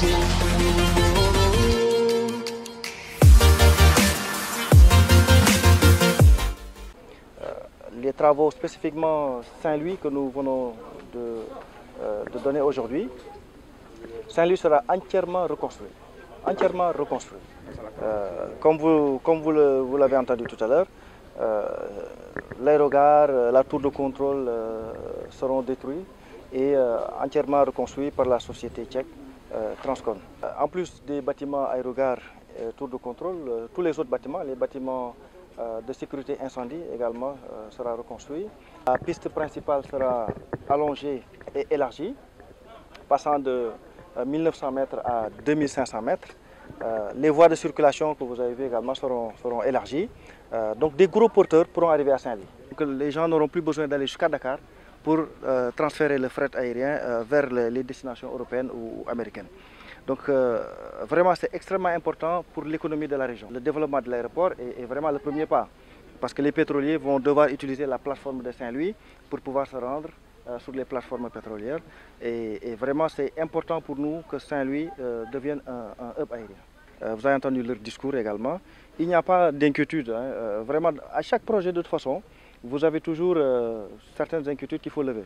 Euh, les travaux spécifiquement Saint-Louis que nous venons euh, de, donner aujourd'hui, Saint-Louis sera entièrement reconstruit. Entièrement reconstruit. Euh, comme vous, comme vous l'avez entendu tout à l'heure, l'aérogare, la tour de contrôle seront détruits et entièrement reconstruits par la société tchèque euh, euh, en plus des bâtiments aérogares et tours de contrôle, euh, tous les autres bâtiments, les bâtiments de sécurité incendie également sera reconstruit. La piste principale sera allongée et élargie, passant de 1900 mètres à 2500 mètres. les voies de circulation que vous avez vu également seront, seront élargies. donc des gros porteurs pourront arriver à Saint-Louis. Les gens n'auront plus besoin d'aller jusqu'à Dakar pour euh, transférer le fret aérien euh, vers les, destinations européennes ou, américaines. Donc euh, vraiment c'est extrêmement important pour l'économie de la région. Le développement de l'aéroport est, vraiment le premier pas parce que les pétroliers vont devoir utiliser la plateforme de Saint-Louis pour pouvoir se rendre sur les plateformes pétrolières. Et, vraiment c'est important pour nous que Saint-Louis devienne un, hub aérien vous avez entendu leur discours également. Il n'y a pas d'inquiétude. Hein. vraiment, à chaque projet, de toute façon, vous avez toujours euh, certaines inquiétudes qu'il faut lever.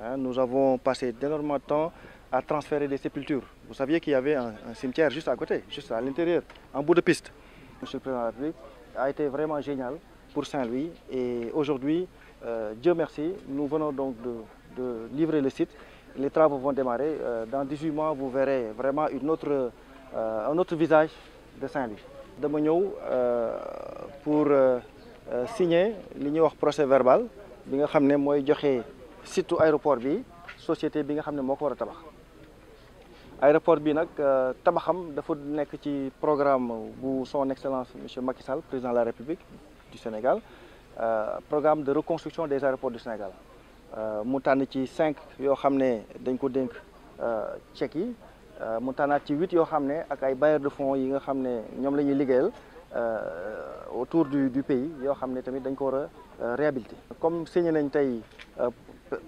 Hein. nous avons passé énormément de temps à transférer des sépultures. Vous saviez qu'il y avait un, cimetière juste à côté, juste à l'intérieur, en bout de piste. Monsieur le Président de la République a été vraiment génial pour Saint-Louis et aujourd'hui, euh, Dieu merci, nous venons donc de, livrer le site. Les travaux vont démarrer. Euh, dans 18 mois, vous verrez vraiment une autre, un autre visage de Saint-Louis. De Mognot, pour... Euh, signé li ñuy wax procès verbal bi nga xamné moy joxé joxe aéroport bi société bi nga xamné moko wara a tabax aéroport bi nak euh, tabaxam dafa nek ci programme bu son excellence monsieur Macky Sall président de la république du Sénégal euh, programme de reconstruction des aéroports du Sénégal mu tan ci cinq YO xamné dañ ko dénk chèques yi mu tànnaat ci 8 yo xamné ak ay bailleurs de fonds yi nga xamné ñom lañuy Euh, autour du du pays yoo xam ne tamit dañ ko war a euh, réhabiliter. comme signé nañ tey euh,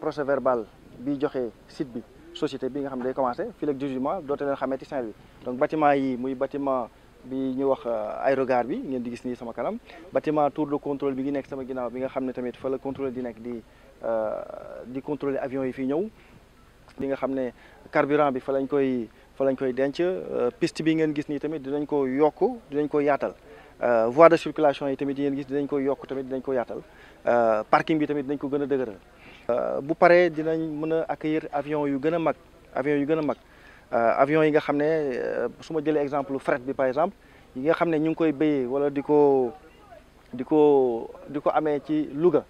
procès verbal bi joxe site bi société bi nga xam ne day commencé fii ak 18 doote leen xamee ci saint donc bâtiment yi muy bâtiment bi ñu wax aérogare bi ngeen di gis nii sama kanam bâtiment tour de contrôle bi ngi nekk sama ginnaaw bi nga xam ne tamit fa la contrôle di nekk di di contrôler avion yi fii ñëw bi nga xam ne carburant bi fa lañ koy fa lañ koy denc piste bi ngeen gis nii tamit dinañ ko yokk dinañ ko yaatal Euh, voie de circulation yi tamit yéen gis dinañ ko yokk tamit dinañ ko yaatal euh, parking bi tamit dinañ ko gën a dëgëral. Euh, bu paré dinañ mëna accueillir avion yu gën a mag avion yu gën a mag avion yi nga xam ne su jëlee exemple fret bi par exemple yi nga xam ne ñu ngi koy béyee wala di ko di ko di ko amee ci Louga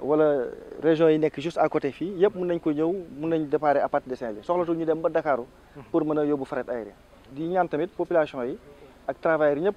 wala région yi nekk juste à côté fii yëpp mën nañ ko ñëw mën nañ déparé à partir de Saint-Louis soxlatul ñu dem ba Dakar pour mën a yóbbu fret aérien di ñaan tamit population yi ak travailleurs yi ñëpp.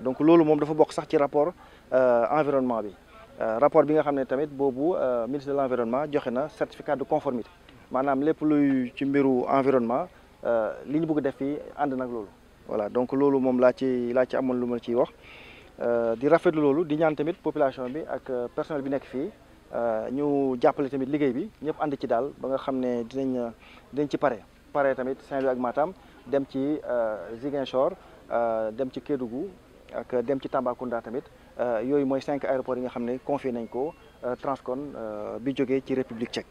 donc lolu mom dafa bok sax ci rapport euh, environnement bi euh, rapport bi nga xamné tamit bobu euh, ministre de l'environnement joxe na certificat de conformité manam lepp luy ci mbiru environnement euh, liñu bëgg def fi and nak lolu voilà donc lolu mom la ci la ci amul luma ci wax euh, di rafetlu lolu di ñaan tamit population bi ak euh, personnel bi nekk fii ñu jappalé tamit liggéey bi ñëpp and ci dal ba nga xamné ne dinañ dinañ ci paré paré tamit Saint-Louis ak Matam dem ci Ziguinchor dem ci Kédougou ak dem ci Tambacounda tamit euh, yooyu mooy cinq aéroports yi nga xam ne confie nañ ko euh, Transcon euh, bi jógee ci République tchèque